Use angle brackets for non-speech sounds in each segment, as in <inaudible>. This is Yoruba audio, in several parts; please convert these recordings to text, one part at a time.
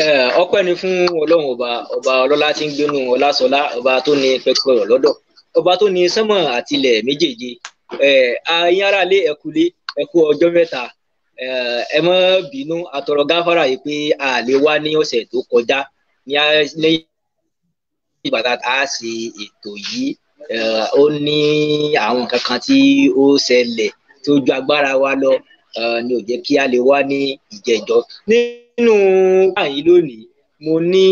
Eh, ọpẹ́ ni fún ọlọ́run ọba ọba ọlọ́lá tí ń gbénu ọlásọlá ọba tó ní pẹpẹrọ lọ́dọ̀ ọba tó ní sánmọ̀ àtilẹ̀ méjèèje eh, ẹ̀yin aráalé ẹ̀kúlé ẹ̀kú ọjọ́ mẹ́ta eh, ẹ má bínú àtọ̀rọ̀ gáfárà yìí pé a lè wá ní ọ̀sẹ̀ tó kọjá ní lẹ́yìn ìgbà tá a ṣe ètò yìí ó ní àwọn kankan tí ó ṣẹlẹ̀ tó ju agbára wa lọ ni eh, ò jẹ́ kí a lè wá ní ìjẹ́jọ́ nínú báyìí lónìí mo ní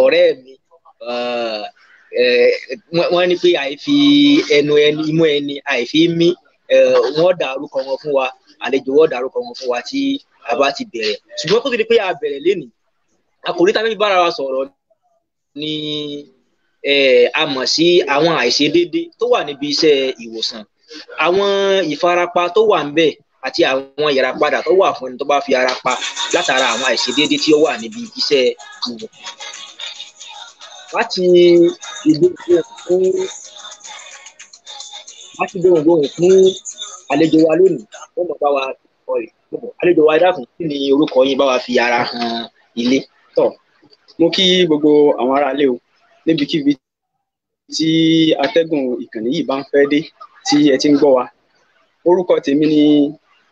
ọ̀rẹ́ mi eh, eh, wọ́n ní pé àìfi ẹnu ẹni imú ẹni àìfi mí wọ́n dárúkọ wọn fún wa àlejò wọ́n dárúkọ wọn fún wa tí a bá ti bẹ̀rẹ̀ ṣùgbọ́n kó tó di pé a bẹ̀rẹ̀ lénìí àkòrí tá a fẹ́ bára wa sọ̀rọ̀ ni a mọ̀ sí àwọn àìṣedéédé tó wà níbi iṣẹ́ ìwòsàn àwọn ìfarapa tó wà ń bẹ́ẹ̀ àti àwọn ìyàrápadà tó wà fún ẹni tó bá fi ara pa látara àwọn àìṣedéédé tí ó wà níbi iṣẹ́ ìwò. láti ìgbóhùn fún àlejò wa lónìí ó mọ̀ bá wa àlejò wa dákun kí ni orúkọ yín bá wa fi ara hàn ilé. tọ́ mo kí gbogbo àwọn aráalé o níbikíbi tí atẹ́gùn ìkànnì yìí bá ń fẹ́ dé tí ẹ ti ń gbọ́ wa orúkọ tèmi ni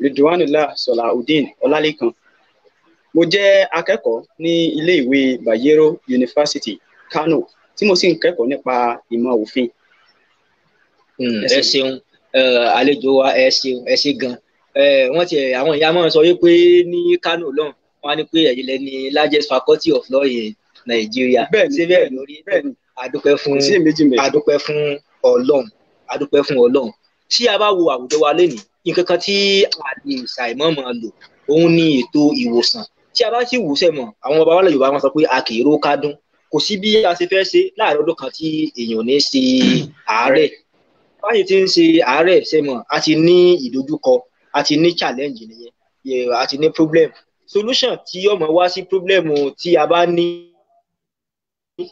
ridwanullah sọláudeen ọlálẹkan mo jẹ́ akẹ́kọ̀ọ́ ní iléèwé bayero university kano tí mo sì ń kẹ́kọ̀ọ́ nípa ìmọ̀ òfin. Hmm, ẹ ṣeun àlejò wa ẹ ṣeun ẹ ṣe gan wọ́n ti àwọn ìyá máa ń sọ wípé ní kano lọ́hùn wọ́n á ní pé ẹ̀yin lẹ́ni largest faculty of law in Nigeria. ṣé bẹ́ẹ̀ lórí adúpẹ́ fún adúpẹ́ fún ọlọ́run adúpẹ́ fún ọlọ́run tí a bá wo àwùjọ wa lénìí nǹkan kan tí a lè ṣàìmọ̀mọ̀ lò òun ni ètò ìwòsàn tí a bá sì wò sẹ́mọ̀ àwọn baba wa Yorùbá wọn sọ pé a kì í ró kádùn kò sí bí a ṣe fẹ́ ṣe láàrin ọdún kan tí èèyàn ní ṣe àárẹ̀ báyìí ti ń ṣe àárẹ̀ sẹ́mọ̀ a ti ní ìdojúkọ a ti ní challenge nìyẹn a ti ní problem solution tí ọmọ wá sí problem tí a bá ní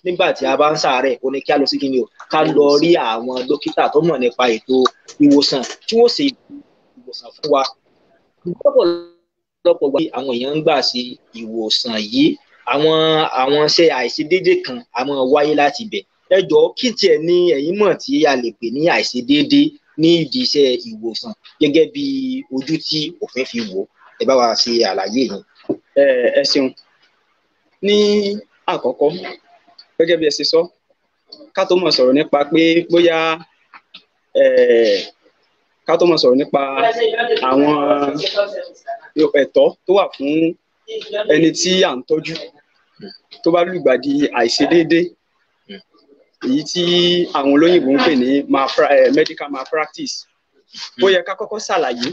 nígbà tí a bá ń ṣàárẹ̀ o ní kí a lọ sí kí ni o ká lọ rí àwọn dókítà tó mọ̀ nípa ètò ìwòsàn tí wọ́n ṣe ìwòsàn fún wa lọ́pọ̀lọpọ̀ gbà àwọn èèyàn ń gbà sí ìwòsàn yìí àwọn àwọn ṣe àìṣedéédé kan a máa wáyé láti ibẹ̀ ẹ jọ̀ọ́ kí tiẹ̀ ní ẹ̀yin mọ̀ tí a lè pè ní àìṣedéédé ní ìdí iṣẹ́ ìwòsàn gẹ́gẹ́ bí ojú tí òfin fi wò ẹ bá wa ṣe àlàyé yìí. ẹ ẹ ṣeun ní àkọ́kọ́ gẹ́gẹ́ bí ẹ ṣe sọ ká tó mọ̀ sọ̀rọ̀ nípa pé bóyá ká tó máa sọ̀rọ̀ nípa àwọn ẹ̀tọ́ tó wà fún ẹni tí à ń tọ́jú tó bá lùgbàdì àìṣedéédé èyí tí àwọn olóyìnbó ń pè ní eh, medical malpractice ó yẹ ká kọ́kọ́ ṣàlàyé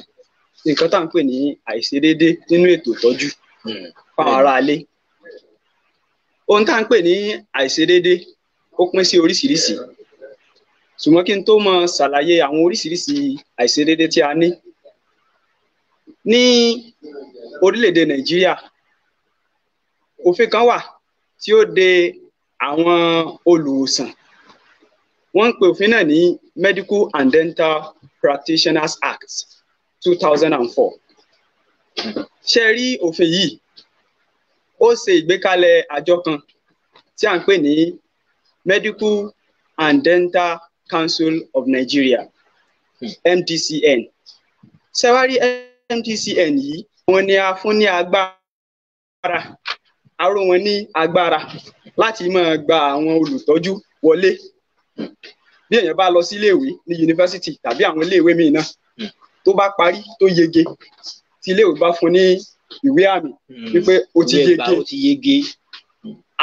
nǹkan tá à ń pè ní àìṣedéédé nínú ètò ìtọ́jú fáwọn aráalé ohun tá à ń pè ní àìṣedéédé ó pín sí oríṣiríṣi. Yeah ṣùgbọ́n kí n tó mọ ṣàlàyé àwọn oríṣiríṣi àìṣedédé tí a ní ní orílẹ̀-èdè nàìjíríà òfin kan wà tí ó de àwọn olùwòsàn wọ́n ń pe òfin náà ní medical and dental practitioners act two thousand and four ṣe rí òfin yìí ó ṣe ìgbékalẹ̀ àjọ kan tí à ń pè ní medical and dental Council of Nigeria MTCN hmm. ṣẹwárí MTCN yìí wọ́n ní a fún ní agbára aró wọn ní agbára láti máa gba àwọn olùtọ́jú wọlé bí èèyàn bá lọ sí iléèwé ní yunifásitì tàbí àwọn iléèwé míì náà hmm. tó bá parí tó yege tí iléèwé bá fún ní ìwé àmì hmm. wípé o ti yege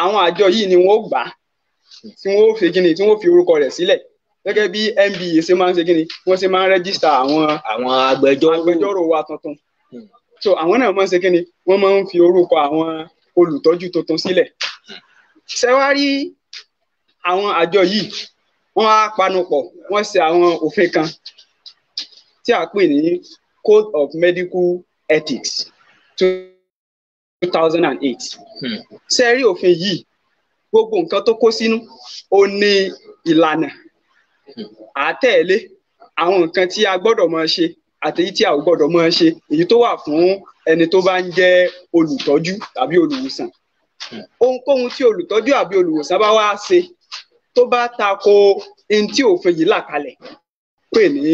àwọn àjọ yìí ni wọn ó gbà á tí wọn ó fi gíní tí wọn ó fi orúkọ rẹ̀ sílẹ̀ gẹ́gẹ́ bí NBA ṣe máa ń ṣe kí ni wọ́n ṣe máa ń rẹ́gísítà àwọn agbẹjọ́rò wa tuntun so àwọn náà máa ń ṣe kí ni wọ́n máa ń fi orúkọ àwọn olùtọ́jú tuntun sílẹ̀ ṣẹ́wárí àwọn àjọ yìí wọ́n á panupọ̀ wọ́n ṣe àwọn òfin kan tí a pè ní Code of Medical Ethics two thousand and eight hmm. ṣẹ́rí òfin yìí gbogbo nǹkan tó kó sínú ó ní ìlànà à tẹ̀lé àwọn nǹkan tí a gbọ́dọ̀ máa ṣe àti èyí tí a ò gbọ́dọ̀ máa ṣe èyí tó wà fún ẹni tó bá ń jẹ́ olùtọ́jú tàbí olùwòsàn ohunkóhun tí olùtọ́jú àbí olùwòsàn bá wá ṣe tó bá tako ohun tí òfin yìí là kalẹ̀ pè ní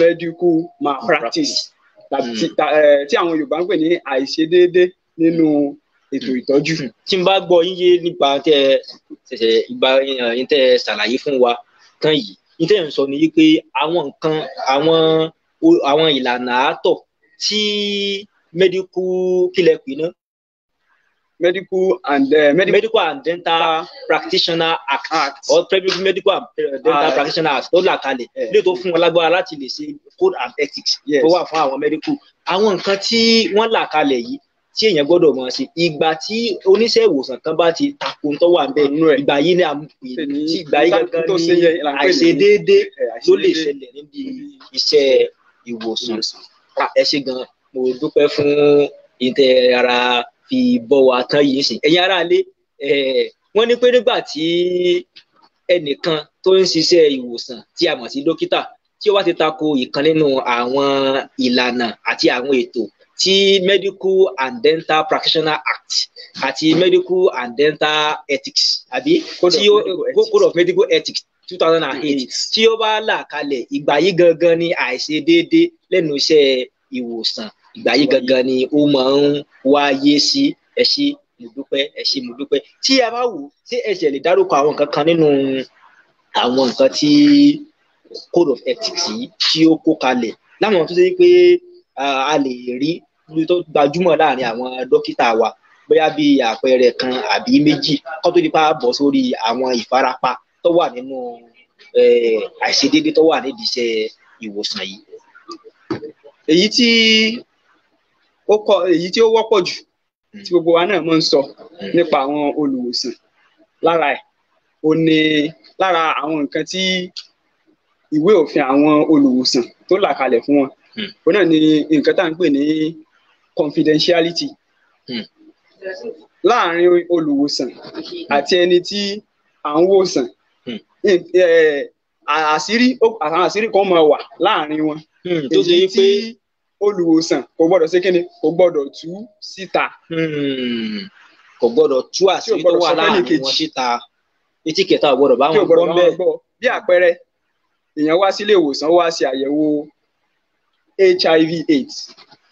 medical malpractice tí àwọn Yorùbá ń pè ní àìṣedéédé nínú ètò ìtọ́jú. tí n bá gbọ́ yín yé nípa tẹ ìgbà yín tẹ ṣàlàyé fún wa nǹkan yìí nítorí ń sọ ni wípé àwọn nǹkan àwọn àwọn ìlànà àátọ̀ tí medical kílẹ̀ pè ná. medical and uh, eh, medical, medical and dental practitioner act, act. or medical and eh, dental uh, practitioner act tó là kalẹ̀ lè tó fún wọn lágbára láti lè ṣe code and ethics yes. tó wà fún àwọn medical àwọn nǹkan tí wọ́n là kalẹ̀ yìí tí èèyàn gbọ́dọ̀ máa ṣe ìgbà tí oníṣẹ́ ìwòsàn kan bá ti takò tó wà nbẹ ìgbà yìí ni a pè ní tí ìgbà yìí gangan ni àìṣedéédé ló lè ṣẹlẹ̀ níbi iṣẹ́ ìwòsàn ẹ ṣé gan mo dúpẹ́ fún ìtẹ̀ ara fi bọ́ wa tán yìí sí ẹ̀yin ará ilé wọ́n ní pé nígbà tí ẹnìkan tó ń ṣiṣẹ́ ìwòsàn tí a mọ̀ sí dókítà tí ó wá ti tako ìkan nínú àwọn ìlànà àti àwọn ètò ti medical and dental practitioner act àti medical and dental ethics àbí tí ó code of medical ethics two thousand and eight mm-hmm. tí ó bá là kalẹ̀ ìgbà yìí gangan ni àìṣedéédé lẹ́nu iṣẹ́ ìwòsàn ìgbà yìí gangan ni ó máa ń wáyé sí ẹ ṣé mo dúpẹ́ ẹ ṣé mo dúpẹ́ tí a bá wò ṣé ẹ̀ṣẹ̀ lè dárúkọ àwọn nǹkan kan nínú àwọn nǹkan tí code of ethics yìí tí ó kó kalẹ̀ láwọn tó ṣe pé a lè rí tó gbajúmọ̀ láàrin àwọn dókítà wa bóyá bí àpẹẹrẹ kan àbí méjì kó tó di pa bọ̀ sórí àwọn ìfarapa tó wà nínú àìṣedéédé tó wà nídìí iṣẹ́ ìwòsàn yìí. èyí tí ó kọ èyí tí ó wọ́pọ̀ jù tí gbogbo wa náà máa ń sọ nípa àwọn olùwòsàn lára ẹ̀ ó ní lára àwọn nǹkan tí ìwé òfin àwọn olùwòsàn tó là kalẹ̀ fún wọn hmm. ó náà ní nǹkan tá à ń pè ní confidentiality hmm. láàrin olùwòsàn àti ẹni tí à ń wòsàn hmm. àṣírí àwọn àṣírí kan máa wà láàrin wọn hmm, èyí tí olùwòsàn kò gbọ́dọ̀ ṣe kíni kò gbọ́dọ̀ tú síta. kò gbọ́dọ̀ tú àṣírí tó wà láàrin wọn síta etí kẹta ò gbọ́dọ̀ bá wọn gbọ́ bẹ́ẹ̀. bí àpẹẹrẹ èèyàn wá sílé ìwòsàn wá ṣe àyẹ̀wò HIV/AIDS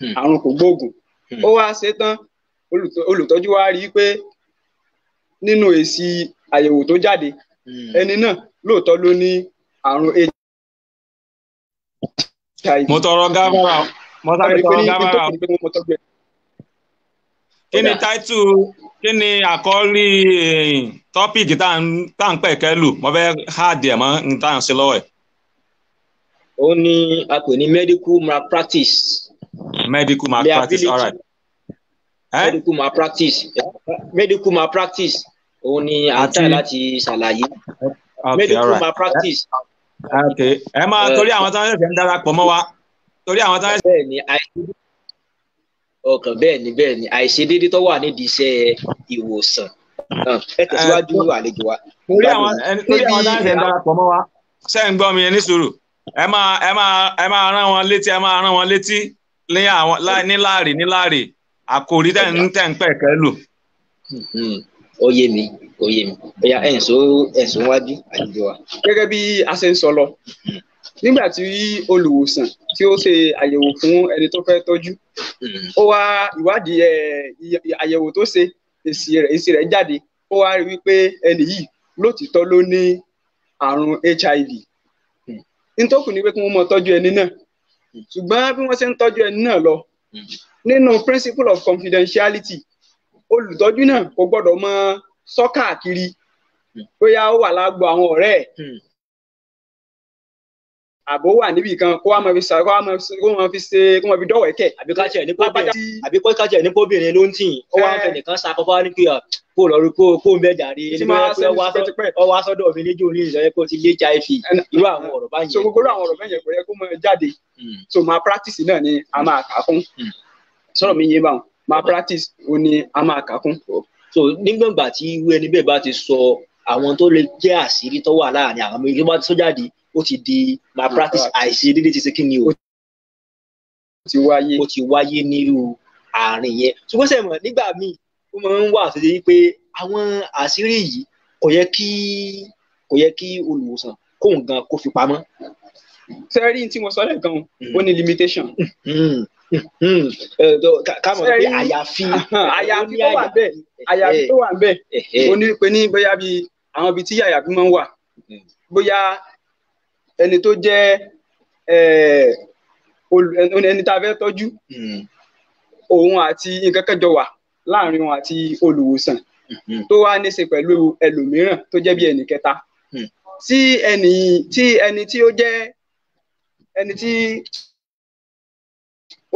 Hmm. àrùn kò gbógun, hmm. ó wá ṣe olùtọ́jú wa rí i pé nínú èsì àyẹ̀wò tó jáde hmm. ẹni náà lóòótọ́ ló ní àrùn hiv. mo tọrọ gámọ́ra mo sáré tọrọ gámọ́ra kí ni táìtù kí ni àkọ́rí eh, tọ́pìkì tá à ń pẹ̀kẹ́ lù mo fẹ́ háàdì ẹ̀ mọ́ n tá à ń ṣe lọ́wọ́ ẹ̀. ó ní a pè ní medical malpractice medical malpractice all right. Eh? medical malpractice medical malpractice òun ni à ń tà láti ṣàlàyé medical malpractice. ẹ máa eh. torí àwọn táwọn ẹ̀fẹ̀ ń darapọ̀ mọ́ wa torí àwọn táwọn ẹ̀fẹ̀. bẹ́ẹ̀ ni àìsí ọkàn bẹ́ẹ̀ ni bẹ́ẹ̀ ni àìṣedéédé tó wà nídìí iṣẹ́ ìwòsàn ẹ tẹ̀síwájú eh, àlejò wa. torí àwọn torí àwọn táwọn ẹ̀fẹ̀ ń darapọ̀ mọ́ wa. ṣé ń gbọ́ mi yẹn ní sùúrù ẹ máa ẹ máa ẹ máa rán wọn létí ẹ máa rán wọn létí ní àwọn níláàrí níláàrí àkòrí tẹ̀ ń tẹ̀ ń pẹ̀ kẹ́lù. Hmm, ó yé mi ó yé mi bóyá ẹ̀sùn ẹ̀sùn wájú àjùjọ wa. gẹ́gẹ́ bí a ṣe ń sọ lọ nígbà tí olùwòsàn tí ó ṣe àyẹ̀wò fún ẹni tó fẹ́ tọ́jú ó wá ìwádìí àyẹ̀wò tó ṣe èsì rẹ̀ jáde ó wá rí wípé ẹni yìí lótìtọ́ ló ní àrùn HIV hmm. nítòkù ni pé kí wọ́n mọ tọ́jú ẹni náà ṣùgbọ́n bí wọ́n ṣe ń tọ́jú ẹni náà lọ nínú principle of confidentiality olùtọ́jú náà kò gbọ́dọ̀ mọ sọ́kàkiri bóyá ó wà lágbo àwọn ọ̀rẹ́ ẹ̀ hmm àbò wà níbì kan kó wá máa fi sàrò kó máa fi ṣe kó máa fi dọ̀wọ̀ ẹ̀kẹ́. àbí ká tiẹ̀ ní kóbìnrin àbí kó tiẹ̀ ní kóbìnrin ló ń tì í ó wá ń eh. fẹ́ nìkan sa kọ́kọ́ ní pé ah, kó lọ rí kó kó ń bẹ jàre ó wá sọ́dọ̀ mi níjó ní ìsọyẹ kó ti lé hiv eh, irú àwọn ọ̀rọ̀ báyìí. so gbogbo àwọn ọ̀rọ̀ bẹ́ẹ̀ yẹn kò yẹ kó máa jáde hmm. so máa practice náà ni a máa kà kún hmm. sọ̀rọ̀ mi yé báwọn máa hmm. practice ó ní a máa kà kún. so nígbàgbà tí irú ẹni bẹ́ẹ̀ bá ti sọ àwọn tó lè jẹ́ àṣírí tó wà láàrin àwọn méjì tó jáde ó ti di malpractice ah, ah. àìṣedéédé ti ṣe ni o ti wáyé ó ti wáyé nírú àárín yẹn ṣùgbọ́n sẹ́mọ̀ nígbà míì ó máa ń wà tó ṣe pé àwọn àṣírí yìí kò yẹ kí kò yẹ kí olùwòsàn kóun gan kó fi pamọ́. sẹ́rí tí mo sọ lẹ́ẹ̀kan hmm. ó ní limitation. Hmm. Hmm. Eh, ká pé àyàfi <laughs> àyàfi tó wà bẹ́ẹ̀ eh, àyàfi eh. tó wà bẹ́ẹ̀ ó ní pé ní bóyá bíi àwọn ibi tí àyàfi máa ń wà bóyá ẹni tó jẹ́ ẹni tá a fẹ́ tọ́jú hmm. òun àti nǹkan kẹjọ wà láàrin òun àti olùwòsàn hmm. tó wá ní í ṣe pẹ̀lú ẹlòmíràn tó jẹ́ bí ẹnì kẹta hmm. tí ẹni tí ẹni tí ó jẹ́ ẹni tí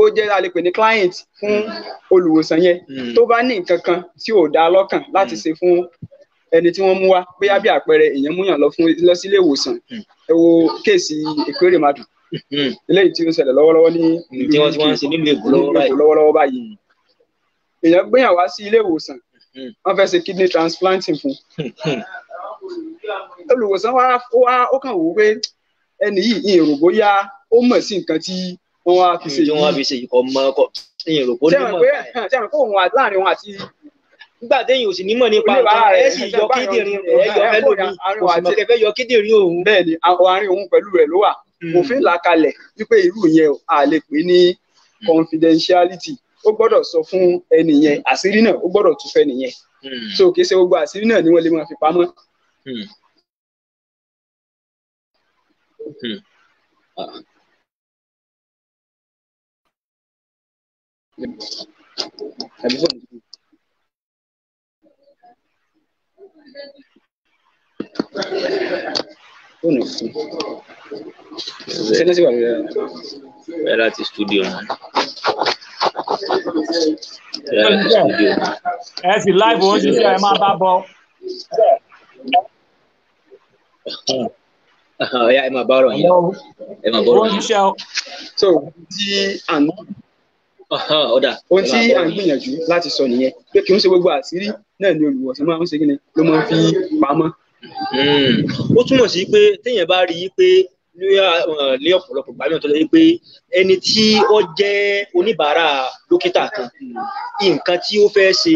ó jẹ́ a ní client fún olùwòsàn yẹn tó bá ní nǹkan kan tí ò dá lọ́kàn láti ṣe fún ẹni tí wọ́n mú wá bóyá bí àpẹẹrẹ èèyàn múyàn lọ fún lọ sí ilé ìwòsàn ẹ wo kéèsì Ìkérèmàdù eléyìí tí ó ṣẹlẹ̀ lọ́wọ́lọ́wọ́ ní lọ́wọ́lọ́wọ́ báyìí èèyàn gbéyàn wá sí ilé ìwòsàn wọ́n fẹ́ ṣe kidney transplanting fún olùwòsàn wa ó kàn wò ó pé ẹni yìí ìrò bóyá ó mọ̀ sí nǹkan tí wọ́n wá fi ṣe yìí. tí wọ́n wá fi ṣe yìí kọ́ mọ́ ọkọ̀ ìrò bó ní mọ̀ báyìí. nígbà téèyàn ò sì nímọ̀ nípa ẹ yọ kíndìnrín yọ kò sì yọ kíndìnrín òun. ni àárín òun ló wà hmm. wípé irú yẹn a lè pè ní hmm. confidentiality ó sọ fún ẹni yẹn àṣírí náà ó tún hmm. so kì í gbogbo àṣírí náà ni wọn lè máa fi fóònù fún sẹ́nẹ́sì wà lórí ẹ̀ láti stúdíò wọn. ẹ sì láìpẹ́ ó ṣiṣẹ́ ẹ máa bá bọ́. ọ̀ya ẹ máa bá ọ̀rọ̀ yín ẹ máa bọ́ so ti àná ọ̀dà. ohun tí à ń gbìyànjú láti sọ nìyẹn pé kì í ṣe gbogbo àṣírí náà ni olùwọ̀sán máa ń ṣe kíni ló máa ń fi pamọ́. Hmm. ó túmọ̀ sí pé téèyàn bá rí i pé ní ọ̀pọ̀lọpọ̀ gbàmí ọ̀tọ̀ lórí pé ẹni tí ó jẹ́ oníbàárà dókítà kan nǹkan tí ó fẹ́ ṣe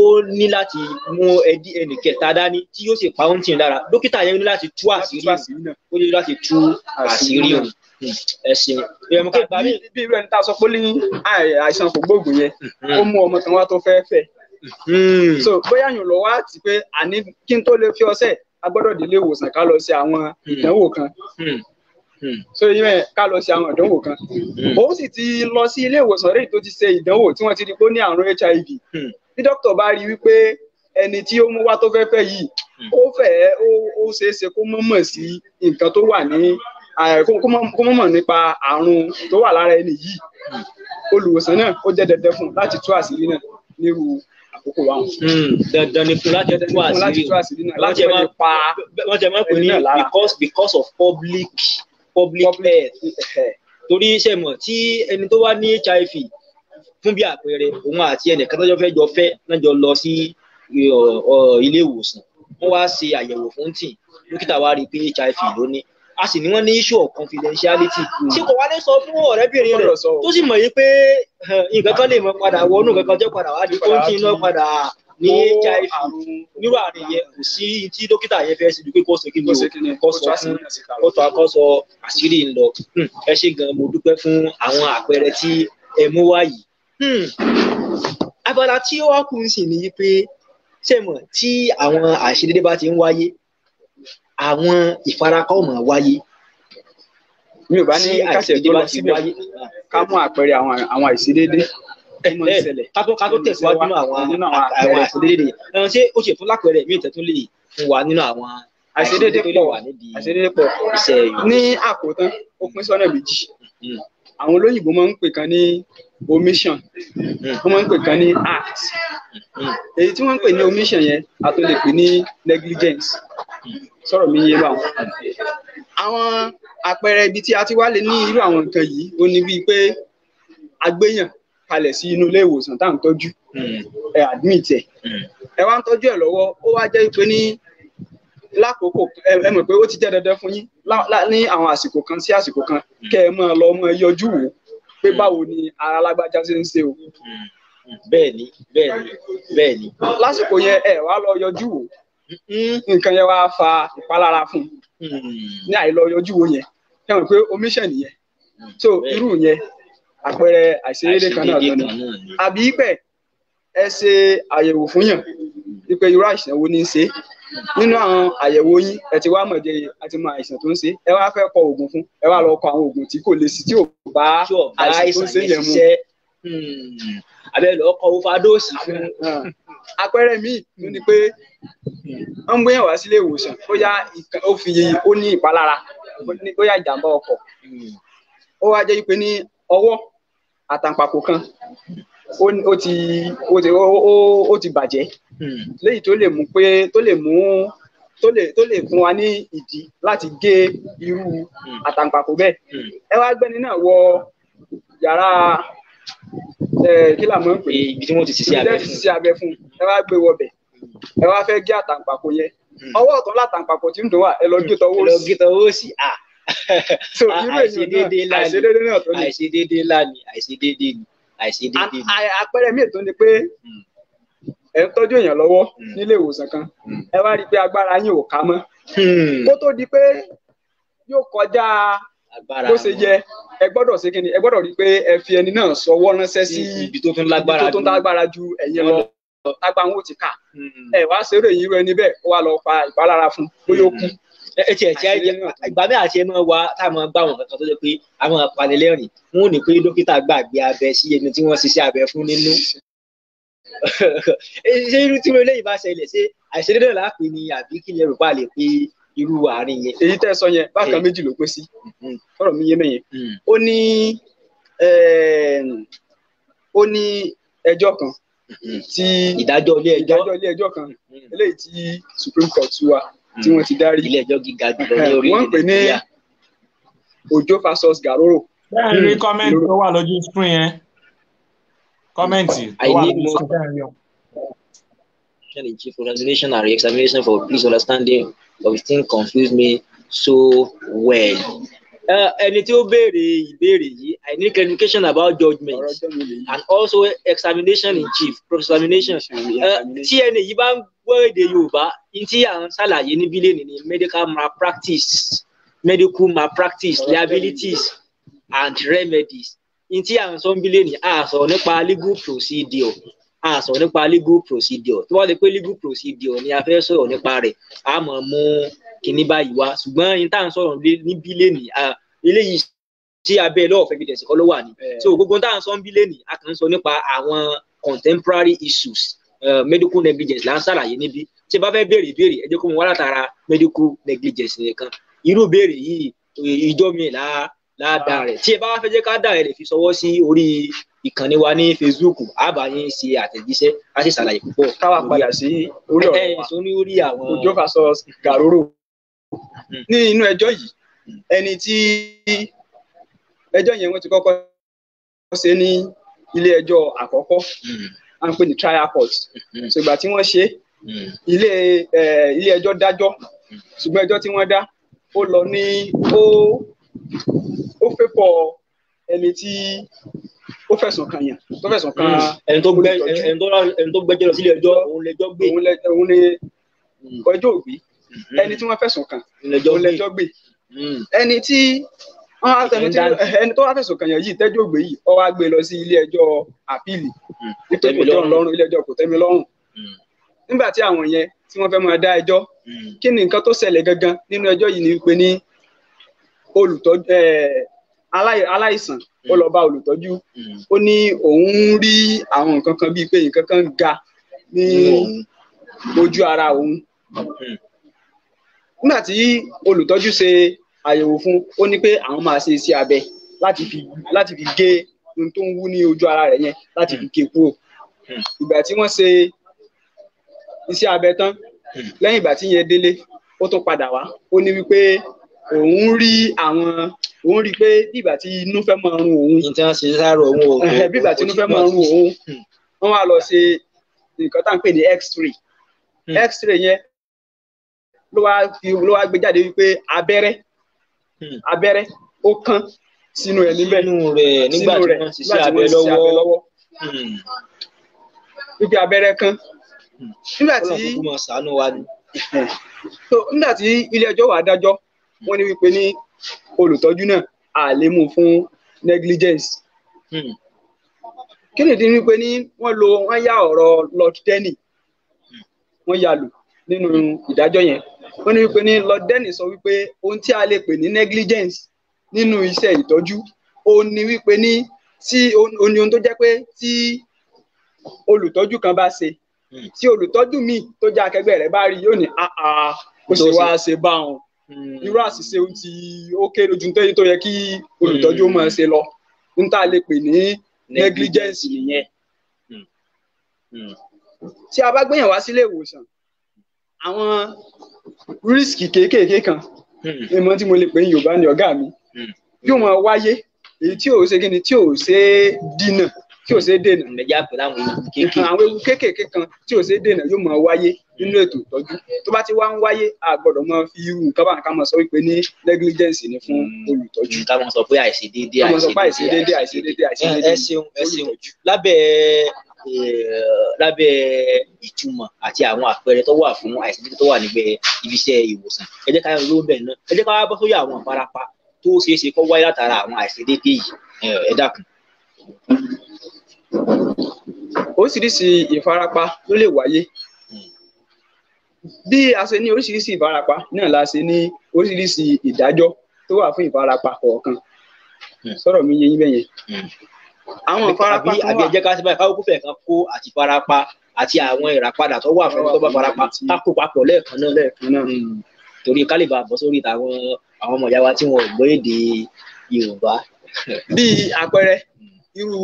ó ní láti mú ẹdí ẹnì kẹta dání tí yóò sì pa ohun tí ń dára dókítà yẹn ní láti tú àṣírí òun ó ní láti tú àṣírí òun ẹ ṣeun ìyẹn pé bàbá bí irú ẹni tá a sọ pé ó ní àìsàn kò gbóògùn yẹn mm-hmm. ó mú ọmọ tán wá tó fẹ́ fẹ́ mm-hmm. so bóyá yàn lọ wá àti pé àní kí n tó lè fi ọṣẹ a gbọ́dọ̀ délé ìwòsàn ká lọ sí àwọn mm-hmm. ìdánwò kan so ìyẹn ká lọ sí àwọn ìdánwò kan òun sì ti lọ sí ilé ìwòsàn rẹ̀ tó ti ṣe ìdánwò tí wọ́n ti rí pé ó ní àrùn HIV bí dókítà bá rí wípé ẹni tí ó mú wá tó fẹ́ fẹ́ yìí ó fẹ́ ó ṣeé ṣe kó mọ̀mọ̀ sí nǹkan tó wà ní kó mọ̀ mọ̀ nípa àrùn tó wà lára ẹni yìí olùwòsàn náà ó jẹ́ dandan fún un láti tú àṣírí náà nírú àkókò wa. Hmm, dandan ni fún láti tú àṣírí náà láti má pa wọ́n jẹ́ má pè ní because because of public public health torí iṣẹ́ mọ̀ tí ẹni tó wá ní hiv fún bí àpẹẹrẹ òun àti ẹnìkan tọ́jọ́ fẹ́ jọ fẹ́ náà jọ lọ sí ilé ìwòsàn wọ́n wá ṣe àyẹ̀wò fún tì dókítà wá rí i pé hiv ló ní a sì ní wọ́n ní issue of confidentiality mm. ṣé kò wá lè sọ fún ọ̀rẹ́bìnrin rẹ̀ tó sì mọ̀ yí pé eh, nǹkan kan lè mọ padà wọnú nǹkan kan jẹ́ padà wá ní kóńtì iná padà ní hiv nírú àárín yẹn kò sí tí dókítà yẹn fẹ́ síbi pé kó ṣe kí ni o kó tó akọ́sọ àṣírí ń lọ hmm, ẹ ṣé gan mo dúpẹ́ fún àwọn àpẹẹrẹ tí ẹ mú wá yìí hmm, abala tí ó wá kù sí ni pé ṣé mọ̀ tí àwọn àṣírí bá ti ń wáyé àwọn ìfarakọ́ ọ̀mọ̀ wáyé. mi ò bá ní kásìkò lọ síbẹ̀ ká mú àpẹẹrẹ àwọn àwọn àìṣedéédé ká tó tẹ̀síwájú nínú àwọn àwọn àìṣedéédé ẹran ṣé ó ṣe fún lápẹẹrẹ mi ìtẹ́tún lè fún wa nínú àwọn àìṣedéédé tó lè wà nídìí iṣẹ́ yìí. ní àkótán ó pín sọ́nà méjì hmm. àwọn olóyìnbó máa ń pè kan ní omission hmm. wọ́n máa ń pè kan ní act hmm. èyí tí wọ́n ń pè ní omission yẹn a tó lè pè ní negligence sọ̀rọ̀ mi yé báwọn. àwọn àpẹẹrẹ ibi tí a ti wá lè ní irú àwọn nǹkan yìí ó ní bíi pé agbéyàn kalẹ̀ sí inú ilé ìwòsàn tá à ń tọ́jú hmm. ẹ admit ẹ hmm. ẹ wá ń tọ́jú ẹ lọ́wọ́ ó wá jẹ́ pé ní lákòókò ẹ mọ̀ pé ó ti jẹ́ dandan fún yín ní àwọn àsìkò kan sí àsìkò kan hmm. kẹ́ ẹ máa lọ máa yọjú wò pé báwo ni ara lágbájá ṣe ń ṣe o. bẹ́ẹ̀ni bẹ́ẹ̀ni bẹ́ẹ̀ni. lásìkò yẹn ẹ wá lọ yọjú wò Mm-hmm. nǹkan yẹn wá fa ìpalára fún un hmm. ní àìlọ yọjú wo yẹn ẹ mọ̀ pé omission nìyẹn hmm. so irú yẹn àpẹẹrẹ àìṣedéédé kan náà lọ́nà àbí pẹ̀ ẹ ṣe àyẹ̀wò fún yàn wípé irú àìsàn wo ní í ṣe nínú àwọn àyẹ̀wò yín ẹ ti wá mọ̀jẹ àti mọ àìsàn tó ń ṣe ẹ wá fẹ́ kọ oògùn fún ẹ wá lọ kọ àwọn oògùn tí kò lè sí tí ò bá àìsàn tó ń ṣe yẹn mu Hmm. abẹ́ lọ kọ fún àpẹẹrẹ míì tó ni pé wọ́n ń gbéyàwó sílé ìwòsàn bóyá ó fi ó ní ìpalára yá ìjàmbá ọkọ̀ ó wá jẹ́ pé ní ọwọ́ àtàǹpàkò kan ó ti ó ti ó ti bàjẹ́ wa ní ìdí láti gé irú àtàǹpàkò bẹ́ẹ̀ ẹ wá gbẹ́ni wọ yàrá kí làwọn ń pè é ibi tí wọ́n ti ṣiṣẹ́ abẹ fún. ibi tí wọ́n ti ṣiṣẹ́ abẹ fún ẹ wá gbé wọbẹ̀ ẹ wá fẹ́ gé àtàǹpàkò yẹn hmm. ọwọ́ ọ̀tún látàǹpàkò tí ń dùn wà ẹ lọ gé tọwọ́ sí. ẹ lọ gé tọwọ́ sí à. so irú èèyàn náà àìṣedéédé náà tó ní. àìṣedéédé ńlá ni àìṣedéédé ni àìṣedéédé ni. àpẹẹrẹ míì tó ni pé hmm. ẹ ń tọ́jú èèyàn lọ́wọ́ hmm. nílé ìwòsàn kan ẹ wá rí i pé agbára yín ò ká mọ́ kó tó di pé yóò kọjá agbára wọn bó ṣe yẹ ẹ gbọ́dọ̀ ṣe kí ni ẹ gbọ́dọ̀ rí i pé ẹ fi ẹni náà sọwọ́ ránṣẹ́ sí ibi tó tún lágbára ju ẹ̀yin lọ tágbà ń wò ti kà hmm. ẹ wá ṣeré yìí rẹ níbẹ̀ ó wá lọ pa ìpalára fún bóyá ó kú. Hmm. ẹ tiẹ̀ ìgbà mẹ́ta àti ẹ máa wá tá a máa gbá àwọn kankan tó jẹ́ pé a máa panilẹ́rìn wọn ò ní pé dókítà gbàgbé abẹ sí ẹni tí wọ́n ṣiṣẹ́ abẹ fún nínú <laughs> ṣé irú tí mo lè yìí bá ṣẹlẹ̀ àìṣedédé làá pè àbí kí ni ẹrù bá lè pé irú àárín yẹn. èyí tẹ́ ẹ sọ yẹn bákan eh. méjì ló pín sí mm-hmm. ọ̀rọ̀ mi yé mẹ́yẹn. Mm. ó ní eh, ó ní ẹjọ́ kan mm-hmm. tí ìdájọ́ ilé ẹjọ́ ìdájọ́ ilé ẹjọ́ kan eléyìí tí supreme court wa mm. tí wọ́n ti dárí ilé ẹjọ́ gíga jùlọ ní eh, orílẹ̀-èdè wọ́n pè ní Ojo versus Garoro. bẹ́ẹ̀ ni kọ́mẹ́ǹtì mm. tó wà lójú screen yẹn kọ́mẹ́ǹtì tó wà lójú screen yẹn. commissioner in chief congratulations and re-examination for please understanding of his thing confused me so well. Uh, ẹni tí ó béèrè ìbéèrè i need clarification about judgement and also examination in chief cross-examination uh, tí ẹni yìí bá ń gbọ́ èdè yorùbá tí à ń ṣàlàyé níbí lè ní medical malpractice medical malpractice liabilities and remedies tí à ń sọ níbí lè ní àṣọ nípa legal procedure. a sọ̀rọ̀ nípa legal procedure tó bá lè pé legal procedure ni a fẹ́ sọ̀rọ̀ nípa rẹ̀ a mọ̀ mú kinní báyìí wá ṣùgbọ́n yín tá à ń sọ̀rọ̀ níbí lẹ́nì eléyìí ṣé abẹ́ lọ́ọ̀fẹ́ evidence kọ́ ló wà ní. Eh. so gbogbo tá à ń sọ níbí lẹ́nì a kàn ń sọ nípa àwọn contemporary issues uh, medical negligence là ń ṣàlàyé níbí tí bá fẹ́ béèrè ìbéèrè ẹ jẹ́ kó mo wá látara medical negligence nìkan irú béèrè yìí ìjọ mi là ládàá rẹ̀ tí ẹ bá fẹ́ jẹ́ ká dà ẹ lè fi ṣọwọ́ sí orí ìkànnì wa ní Facebook àbáyín ṣe àtẹ̀jíṣẹ́ a sì ṣàlàyé púpọ̀. káwa padà sí orí ọ̀rọ̀ wa ẹ̀sùn ní orí àwọn. òjò fàṣọ gàróró hmm. ní inú ẹjọ́ yìí ẹni tí ẹjọ́ yẹn wọ́n ti kọ́kọ́ ṣe ní ilé ẹjọ́ àkọ́kọ́ hmm. à ń pè ní trial court ṣùgbà hmm. tí wọ́n ṣe ilé ẹjọ́ dájọ́ ṣùgbọ́n ẹjọ́ tí wọ́n dá ó lọ ní ó ó fẹ́ pọ̀ ẹni tí ó fẹ̀sùn kan yàn tó fẹ̀sùn kan hmm. ẹni tó gbẹ ẹni tó gbẹ́jọ́ lọ sílé ẹjọ́ òun lẹ́jọ́ gbé òun lẹ ọjọ́ òbí ẹni tí wọ́n fẹ̀sùn kan òun lẹ́jọ́ gbé hmm. ẹni tí ẹni tó wá fẹ̀sùn kan yàn yìí tẹ́jọ́ gbé yìí ó wá gbé lọ sí ilé ẹjọ́ àpìlì hmm. nítorí kò tẹ́ mi lọ́rùn ilé ẹjọ́ kò tẹ́ mi lọ́rùn nígbà tí àwọn yẹn tí wọ́n fẹ́ máa dá ẹjọ́ kí ni nǹkan tó ṣẹlẹ̀ gangan nínú ẹjọ́ yìí ni pé ní olùtọ́jú aláìsàn ó lọ bá olùtọ́jú mm. ó ní òun ń rí àwọn nǹkan kan bíi pé nǹkan kan ga ní mm. ojú ara òun mm. nígbà tí olùtọ́jú ṣe àyẹ̀wò fún ó ní pé àwọn máa ṣe iṣẹ́ abẹ láti fi láti fi gé ohun tó ń wú ní ojú ara rẹ̀ yẹn láti fi gé kúrò ìgbà tí wọ́n ṣe iṣẹ́ abẹ tán lẹ́yìn ìgbà tí yẹn délé ó tún padà wá ó ní wípé òun rí àwọn òun rí i pé bígbà tí inú fẹ́ mọ ọrùn òun. ní tí wọ́n ṣe sáré òun o. bígbà tí inú fẹ́ mọ ọrùn òun hmm. wọ́n wá lọ ṣe nǹkan tá à ń pè ní x-ray hmm. x-ray yẹn ló wá fi ló wá gbé jáde wípé abẹ́rẹ́ hmm. abẹ́rẹ́ ó kán sínú ẹ̀ níbẹ̀ sínú rẹ̀ nígbà tí wọ́n ti ṣe abẹ́ lọ́wọ́ wípé abẹ́rẹ́ kán nígbà tí <laughs> nígbà tí ilé ẹjọ́ wá dájọ́ wọ́n ní wípé ní olùtọ́jú náà a lè mú fún negligence. Hmm. kí nìdí wípé ní wọ́n lo wọ́n yá ọ̀rọ̀ lord denny wọ́n yá lò nínú ìdájọ́ yẹn wọ́n ní wípé ní lord denny sọ wípé ohun tí a lè pè ní negligence nínú iṣẹ́ ìtọ́jú òun ni wípé ní tí òun ni ohun tó jẹ́ pé tí olùtọ́jú kan bá ṣe hmm. tí olùtọ́jú míì tó jẹ́ akẹgbẹ́ rẹ̀ bá rí yóò ní àà kó sì wá ṣe báwọn Hmm. irú àṣìṣe ohun tí ó kéré ojú tó yẹ kí olùtọ́jú ó máa ṣe lọ ń tà lè pè ní negligence nìyẹn hmm. Hmm. tí a bá gbéyàn wá sílé ìwòsàn àwọn risk kéékèèké kan ìmọ̀ tí mo lè pè ní Yorùbá ni ọ̀gá mi yóò máa wáyé èyí tí ò ṣe kí ni tí ò ṣe dínà tí ò ṣe é dènà nàìjíríà pẹ̀lú àwọn ewu kéékèèké àwọn ewu kéékèèké kan tí ò ṣe é dènà yóò máa wáyé nínú ètò ìtọ́jú tó bá ti wá ń wáyé a gbọ́dọ̀ máa fi irú nǹkan bá nǹkan máa sọ wípé ní negligence ni fún hmm. olùtọ́jú. ká máa sọ pé àìṣedéédé àìṣedéédé àìṣedéédé àìṣedéédé ẹ ṣeun ẹ ṣeun lábẹ́ eh, lábẹ́ ìtumọ̀ àti àwọn àpẹẹrẹ tó wà fún àìṣedéédé tó wà níbẹ̀ ibiṣẹ́ ìwòsàn ẹ ká yọ ló náà ẹ oríṣiríṣi ìfarapa ló lè wáyé bí a ṣe ní oríṣiríṣi ìfarapa náà la ṣe ní oríṣiríṣi ìdájọ́ tó wà fún ìfarapa kọ̀ọ̀kan hmm. sọ̀rọ̀ mi yé yín hmm. àwọn ìfarapa tó wà àbí ẹ̀jẹ̀ ká báyìí káwọn kó kan kó àti ìfarapa àti àwọn ìràpadà tó wà fún ẹni tó bá farapa kákó papọ̀ lẹ́ẹ̀kan náà lẹ́ẹ̀kan náà hmm. torí kálíbà bọ́ sórí àwọn àwọn ọmọ ìyá wa tí wọn ò gbọ́ èdè Yorùbá. bí àpẹẹrẹ irú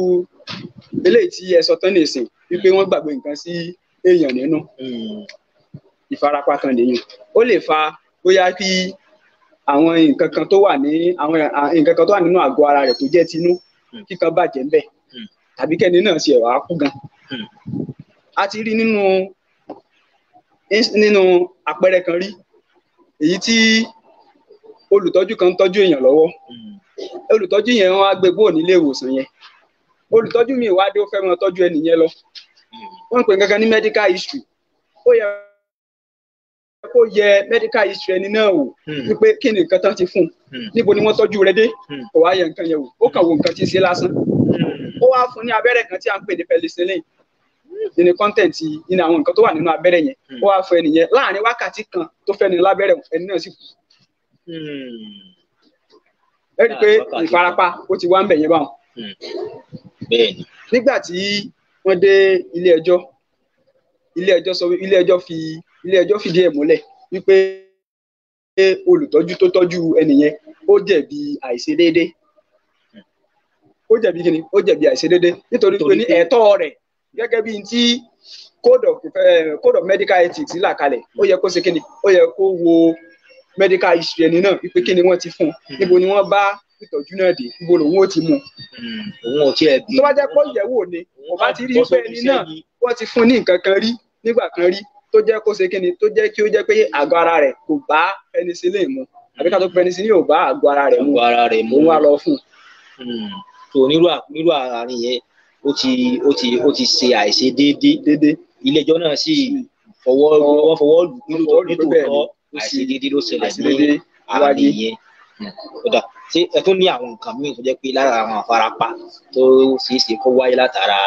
eléyìí tí ẹ sọ tán nìsín wípé wọ́n gbàgbé nǹkan sí èèyàn nínú ìfarapa kan lèyìn ó lè fa bóyá kí àwọn nǹkan kan tó wà ní àwọn nǹkan kan tó wà nínú àgọ́ ara rẹ̀ tó jẹ́ tinú kíkan bàjẹ́ ńbẹ̀ tàbí kẹ́ni náà ṣe ẹ̀wà kú gan a ti rí nínú nínú àpẹẹrẹ kan rí èyí tí olùtọ́jú kan ń tọ́jú èèyàn lọ́wọ́ olùtọ́jú yẹn wọ́n á gbé bóò nílé ìwòsàn yẹn olùtọ́jú mi ìwádìí ó fẹ́ mọ tọ́jú ẹnìyẹn lọ wọ́n ń pè kankan ní medical history ó yẹ kó yẹ medical history ẹni náà wò hmm. wípé kí ni nǹkan tán ti fún un hmm. níbo ni wọ́n tọ́jú rẹ dé hmm. kò wá yẹ nǹkan yẹn wò ó kàn wo nǹkan tí ń ṣe lásán ó wá fún ní abẹ́rẹ́ kan tí à ń pè ní penicillin nínú content nínú àwọn nǹkan tó wà nínú abẹ́rẹ́ yẹn ó wá fún ẹnìyẹn láàrin wákàtí kan tó fẹ́ ni lábẹ́rẹ́ ẹni náà sì kú ẹ rí i pé ìfarapa ó ti wá ń bẹ̀ báwọn. Hmm. bẹ́ẹ̀ni. nígbà tí wọ́n dé ilé ẹjọ́ ilé ẹjọ́ sọ ilé ẹjọ́ fi ilé ẹjọ́ fìdí ẹ̀ múlẹ̀ wípé olùtọ́jú tó tọ́jú ẹnìyẹn ó jẹ̀bi àìṣedéédé ó jẹ̀bi kíni ó jẹ̀bi àìṣedéédé nítorí pé ní ẹ̀tọ́ rẹ̀ gẹ́gẹ́ bíi ti code of eh, code of medical ethics là kalẹ̀ ó yẹ kó ṣe kíni ó yẹ kó wo medical history ẹni náà wípé kíni wọ́n ti fún un hmm. níbo ni wọ́n bá ìtọ́jú náà dé ibo lòun ó ti mú un. Hmm. òun ò tiẹ̀ bí. tó bá jẹ́ pọ́ ìyẹ̀wò ni kò bá ti rí pé ẹni náà wọ́n ti fún ní nǹkan kan rí nígbà kan rí tó jẹ́ kó ṣe kíni tó jẹ́ kí ó jẹ́ pé àgọ́ ara rẹ̀ kò bá penicillin mu àbí ká tó penicillin ò bá àgọ́ ara rẹ̀ mu òun wá lọ fún un. tó hmm. nírú àárín yẹn ó ti ó ti ó ti ṣe àìṣe déédéé ilé ẹjọ́ náà sì fọwọ́ wọ́n fọwọ́ lù nítòótọ́ àìṣedéédé ló ṣẹlẹ̀ ní àárín yẹn. Hmm ṣé ẹ tún ní àwọn nǹkan míì tó jẹ́ pé lára àwọn àfarapa tó ṣeé ṣe kó wáyé látara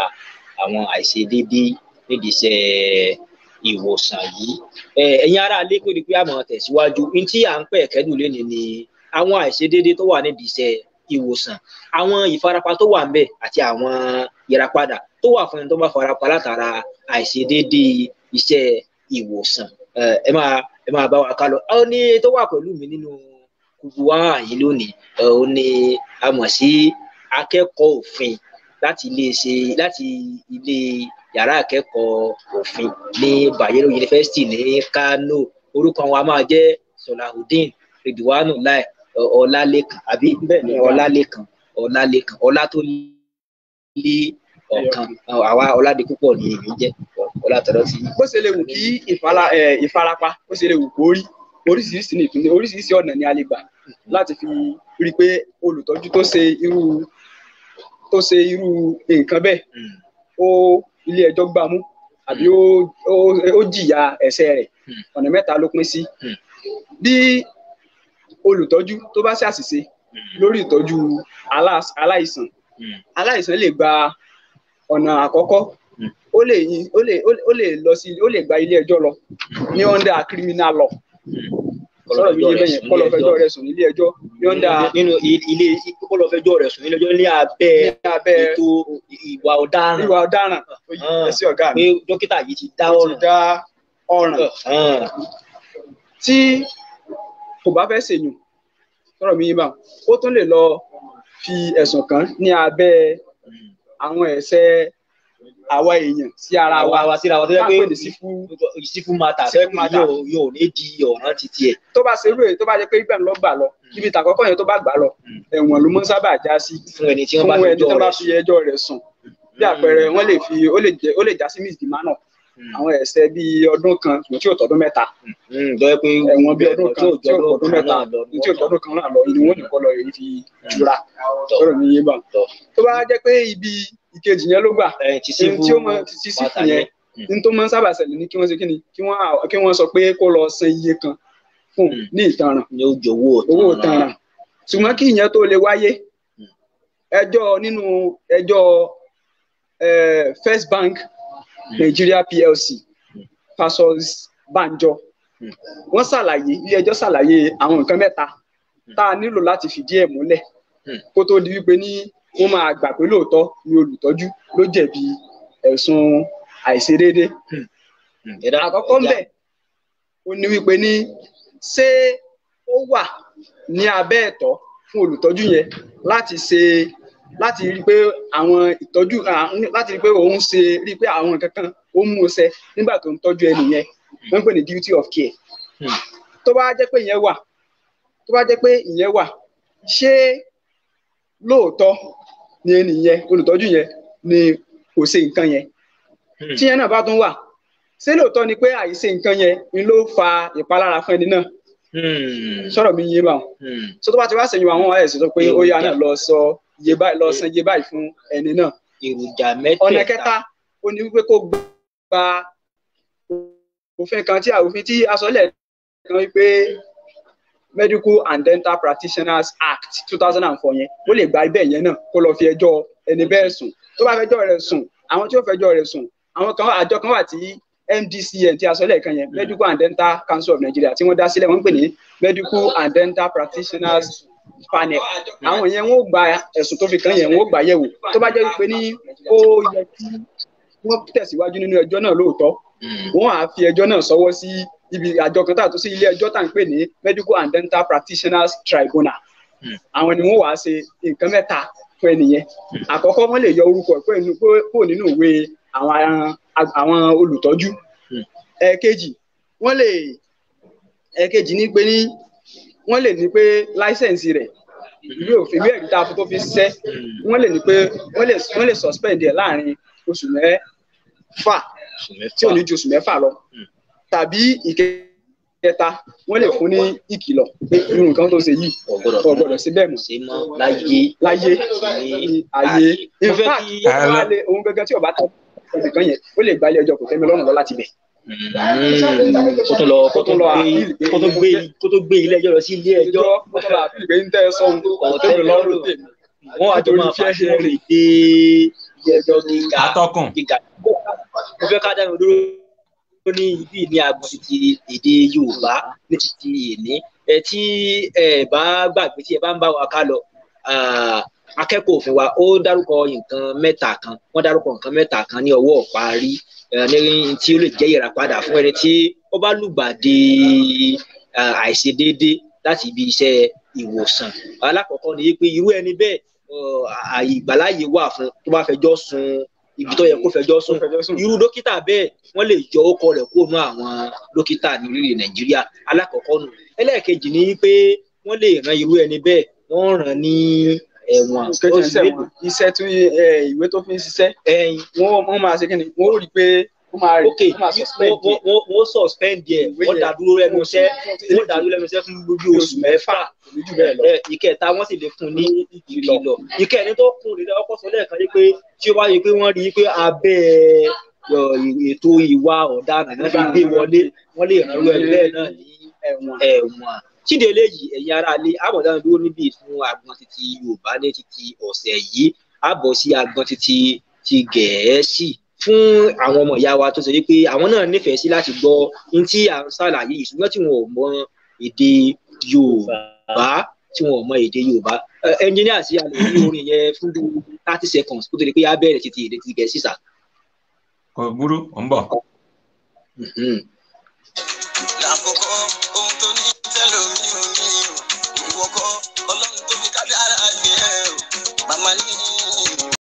àwọn àìṣedéédé nídìí iṣẹ́ ìwòsàn yìí ẹ̀yin ará ilé pé pé àmọ́ tẹ̀síwájú ní tí à ń pẹ̀ kẹ́dùn lé ní àwọn àìṣedéédé tó wà nídìí iṣẹ́ ìwòsàn àwọn ìfarapa tó wà ńbẹ̀ àti àwọn ìràpadà tó wà fún ẹni tó bá farapa látara àìṣedéédé iṣẹ́ ìwòsàn ẹ máa ẹ máa bá wa ká lọ ọ ní tó wà pẹ̀lú mi nínú. No gbogbo wa yìí lónìí ó ní a mọ̀ sí akẹ́kọ̀ọ́ òfin láti ilé ṣe láti ilé yàrá akẹ́kọ̀ọ́ òfin ní Bayero University ní Kano orúkọ wọn a máa jẹ́ Solahudeen Ridwanu Lai Ọlálékan àbí bẹ́ẹ̀ ni Ọlálékan Ọlálékan ọlá tó lé ọ̀kan àwa ọládé púpọ̀ ni èmi jẹ́ ọlátọ̀dọ̀ ti. bó ṣe lè wù kí ìfarapa bó ṣe lè wù kó rí oríṣiríṣi ọ̀nà ni a lè gbà láti fi rí i pé olùtọ́jú tó ṣe irú tó ṣe irú nǹkan bẹ́ẹ̀ hmm. ó ilé ẹjọ́ gbà mú àbí ó jìyà ẹ̀ṣẹ̀ rẹ̀ hmm. ọ̀nà mẹ́ta ló pín sí hmm. bí olùtọ́jú tó bá ṣe àṣìṣe lórí ìtọ́jú aláìsàn aláìsàn lè gba ọ̀nà àkọ́kọ́ ó lè ó lè ó lè lọ sí ó lè gba ilé ẹjọ́ lọ ní under criminal law sọ̀rọ̀ mi sùn nílé ẹjọ́ yọǹda nínú ilé kọlọ fẹjọ́ sùn nílé ẹjọ́ ní abẹ́ ètò ìwà ọ̀daràn ìwà ọ̀daràn ẹsẹ ah. ọ̀gá mi dókítà yìí ti dá ọ̀ràn dá ọ̀ràn ah. tí kò bá fẹ́ ṣèyàn sọ̀rọ̀ mi yé bá ó tún lè lọ fi ẹ̀sùn kàn ní abẹ́ àwọn ẹ̀ṣẹ̀ àwa èèyàn sí ara wa àwa síra wa tó yẹ pé sífù mata yóò ní di ọ̀ràn títí ẹ̀. tó bá ṣerú ẹ tó bá jẹ pé ìgbà ńlọ gbà lọ hmm. ibi ìtàkọ́kọ́ yẹn tó bá gbà lọ hmm. ẹ̀wọ̀n ló mọ́ sábà já sí fún ẹni tí wọ́n bá fi ẹjọ́ rẹ̀ sùn bí hmm. àpẹẹrẹ wọ́n lè fi ó lè já sí miss dimana àwọn ẹ̀ṣẹ̀ bíi ọdún kan tí yóò tọdún mẹ́ta ẹ̀wọ̀n bíi ọdún kan tí yóò tọdún mẹ́ta tí yóò tọdún kan náà lọ ni wọ́n nìkan lọ èyí fi jura tọrọ mi yé bá tó bá jẹ pé ibi ìkejì yẹn ló gbà ẹni tí ó mọ ti sífù yẹn ní tó máa ń sábà ṣẹlẹ̀ ní kí wọ́n ṣe kí ni kí wọ́n sọ pé kó lọ san iye kan fún hmm. ní ìtanràn owó ìtanràn ṣùgbọ́n kí ìyẹn tó lè wáyé hmm. ẹjọ́ nínú ẹjọ́ First Bank hmm. Nigeria PLC versus Banjo wọ́n ṣàlàyé ilé ẹjọ́ ṣàlàyé àwọn nǹkan mẹ́ta tá a nílò láti fìdí ẹ̀ múlẹ̀ kó tó di wípé ní wọ́n máa gbà pé lóòótọ́ ni olùtọ́jú ló jẹ̀bi ẹ̀sùn àìṣedéédé ẹ̀dá hmm. hmm. àkọ́kọ́ ńbẹ̀ ó ní wípé ní ṣé ó wà ní abẹ́ ẹ̀tọ́ fún olùtọ́jú yẹn láti ṣe láti rí pé àwọn ìtọ́jú láti rí pé òun ṣe rí pé àwọn nǹkan kan ó mú un ṣe nígbà tó ń tọ́jú ẹni yẹn wọ́n pè ní duty of care hmm. tó bá jẹ́ pé ìyẹn wà tó bá jẹ́ pé ìyẹn wà ṣé lóòótọ́ ni ènìyàn olùtọ́jú yẹn ni kò ṣe nǹkan yẹn hmm. tí yẹn náà bá tún wà ṣé lóòótọ́ ni pé àìṣe nǹkan yẹn ni ló fa ìpalára fún ẹni náà hmm. sọ̀rọ̀ mi yé báwọn hmm. sọ tó bá ti wá sẹ́yìn àwọn ọ̀rẹ́ ìṣètò pé ó yà náà lọ sọ iye báyìí lọ san iye báyìí fún ẹni náà èròjà mẹ́tẹ̀ẹ̀ta ọ̀nà kẹta ó ní wípé kó gba òfin kan tí àwòfin tí asọ́lẹ̀ kan wípé medical and dental practitioners act two thousand and four yẹn ó lè gba ibẹ̀ yẹn náà kó lọ fi ẹjọ́ ẹni bẹ́ẹ̀ sùn tó bá fẹjọ́ rẹ̀ sùn àwọn tí ó fẹjọ́ rẹ̀ sùn àwọn kan àjọ kan wà tí MDCN tí a sọ yẹn medical and dental council of Nigeria tí wọ́n dá sílẹ̀ wọ́n ń pè ní medical and dental practitioners panel àwọn yẹn wọ́n gba ẹ̀sùn tó fi kàn yẹn wọ́n gbà yẹ̀wò tó bá jẹ́ pé ní ó yẹ kí wọ́n tẹ̀síwájú nínú ẹjọ́ náà lóòótọ́ wọ́n á fi ẹjọ́ náà sọ́wọ́ sí ibi àjọ kan tá a tún sí ilé ẹjọ́ tá à ń pè ní medical and dental practitioners tribunal hmm. àwọn ni wọ́n wàá ṣe nǹkan mẹ́ta fún ẹnìyẹn hmm. àkọ́kọ́ wọ́n lè yọ orúkọ ẹ̀ kúrò nínú ìwé àwọn olùtọ́jú ẹ̀ẹ̀kejì hmm. wọ́n lè ẹ̀ẹ̀kejì ní pé ní wọ́n lè ní pé láísẹ̀nsì rẹ̀ ìwé òfin ìwé ẹ̀rí tá a fi tó fi ṣiṣẹ́ wọ́n lè ní pé wọ́n lè wọ́n lè suspend ẹ̀ láàrin oṣù mẹ́fà tí ò ní ju oṣù mẹ́fà lọ tàbí ìkẹta wọ́n lè fún ní ìkìlọ̀ pé irú nǹkan tó ṣe yìí kò gbọ́dọ̀ sí bẹ́ẹ̀ mọ́ láyé láyé ayé in fact òun gẹ́gẹ́ tí ọba tó nǹkan yẹn ó lè gba ilé ẹjọ́ kò tẹ́mi lọ́rùn lọ láti bẹ̀ mm. kó tó lọ kó tó lọ kó tó gbé kó tó gbé ilé ẹjọ́ lọ sí ilé ẹjọ́ kó tó lọ àpilẹ̀ ń tẹ́ ẹ sọ ohun tó lọ lọ́rùn tèmi wọ́n á tó máa fẹ́ ṣe rè dé ilé ẹjọ́ gíga atọ́kùn gíga mo fẹ́ ká dáhùn dúró ó ní ibi ní agbọ̀nsì ti èdè Yorùbá ní ti ti èní ẹ tí ẹ bá gbàgbé tí ẹ bá ń bá wa ká lọ akẹ́kọ̀ọ́ òfin wa ó dárúkọ nǹkan mẹ́ta kan wọ́n dárúkọ nǹkan mẹ́ta kan ní ọwọ́ parí ní tí ó lè jẹ́ ìràpadà fún ẹni tí ó bá lùgbàdì àìṣedéédé láti ibi iṣẹ́ ìwòsàn alákọ̀ọ́kọ́ ni pé irú ẹni bẹ́ẹ̀ ìgbàláyè wà fún tó bá fẹjọ́ sun ibi tó yẹ kó fẹjọ́ sùn irú dókítà bẹ́ẹ̀ wọ́n lè yọ ọkọ rẹ̀ kó nu àwọn dókítà ní orílẹ̀ nàìjíríà alákọ̀ọ́kọ́ nù ẹlẹ́ẹ̀kejì ni pé wọ́n lè ran irú ẹni bẹ́ẹ̀ wọ́n ràn ní ẹ̀wọ̀n oṣù mélòó. iṣẹ́ tí ìwé tó fi ń ṣiṣẹ́ wọ́n máa ṣe kí ni wọ́n rí i pé ó máa rí ó máa suspend yẹ. wọ́n suspend yẹ wọ́n dàdúró lẹ́nu iṣẹ́ wọ́n dàdúró lẹ́nu iṣẹ́ fún gbogbo oṣù mẹ́fà eh, ìkẹta wọ́n sì lè fún ní ìkìlọ̀ ìkẹni tó kún lè lọ́kọ́ sọ lẹ́ẹ̀kan yìí pé tí ó bá yẹ pé wọ́n rí i pé abẹ́ ètò ìwà ọ̀daràn náà fi gbé wọlé wọ́n lè rán ẹ̀ bẹ́ẹ̀ náà ní ẹ̀wọ̀n síde eléyìí ẹ̀yin ará ilé àbọ̀dáwọn dúró níbí fún agbọn títí Yorùbá ní títí ọ̀sẹ̀ yìí àbọ̀ sí agbọn títí ti Gẹ̀ẹ́sì fún àwọn ọmọ ìyá wa tó ṣe wípé àwọn náà nífẹ̀ẹ́ sí láti gbọ́ ní tí à ń ṣàlàyé yìí ṣùgbọ́n tí wọn ò mọ èdè Yorùbá tí wọn ò mọ èdè Yorùbá ẹnjìníà sí àlè ní orin yẹn fún bí thirty seconds kó tó di pé á bẹ̀rẹ̀ títí èdè ti Gẹ̀ẹ́sì sà. kò burú ó ń bọ̀. Mm-hmm.